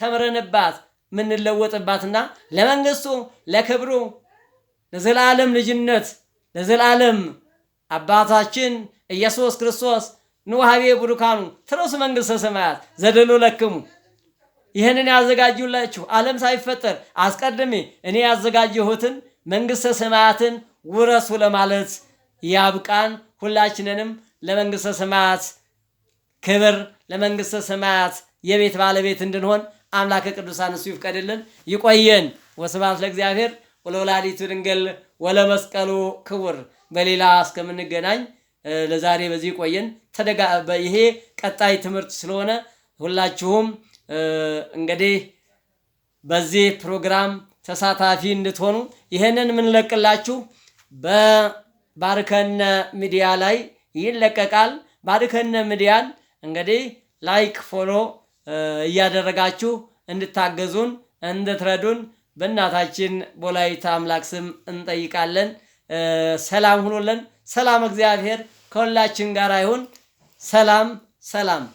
ተምረንባት ምንለወጥባትና ለመንግስቱ ለክብሩ ለዘላለም ልጅነት ለዘላለም አባታችን ኢየሱስ ክርስቶስ ንውሃቤ ቡሩካኑ ትረሱ መንግሥተ ሰማያት ዘደሎ ለክሙ ይህንን ያዘጋጁላችሁ ዓለም ሳይፈጠር አስቀድሜ እኔ ያዘጋጀሁትን መንግሥተ ሰማያትን ውረሱ ለማለት ያብቃን። ሁላችንንም ለመንግሥተ ሰማያት ክብር፣ ለመንግሥተ ሰማያት የቤት ባለቤት እንድንሆን አምላከ ቅዱሳን እሱ ይፍቀድልን፣ ይቆየን። ወስብሐት ለእግዚአብሔር ወለወላዲቱ ድንግል ወለመስቀሉ ክቡር። በሌላ እስከምንገናኝ ለዛሬ በዚህ ይቆየን። ተደጋ ይሄ ቀጣይ ትምህርት ስለሆነ ሁላችሁም እንግዲህ በዚህ ፕሮግራም ተሳታፊ እንድትሆኑ ይህንን የምንለቅላችሁ በባርከነ ሚዲያ ላይ ይለቀቃል። ባርከነ ሚዲያን እንግዲህ ላይክ ፎሎ እያደረጋችሁ እንድታገዙን እንድትረዱን በእናታችን በወላዲተ አምላክ ስም እንጠይቃለን። ሰላም ሁኑልን። ሰላም እግዚአብሔር ከሁላችን ጋር ይሁን። ሰላም ሰላም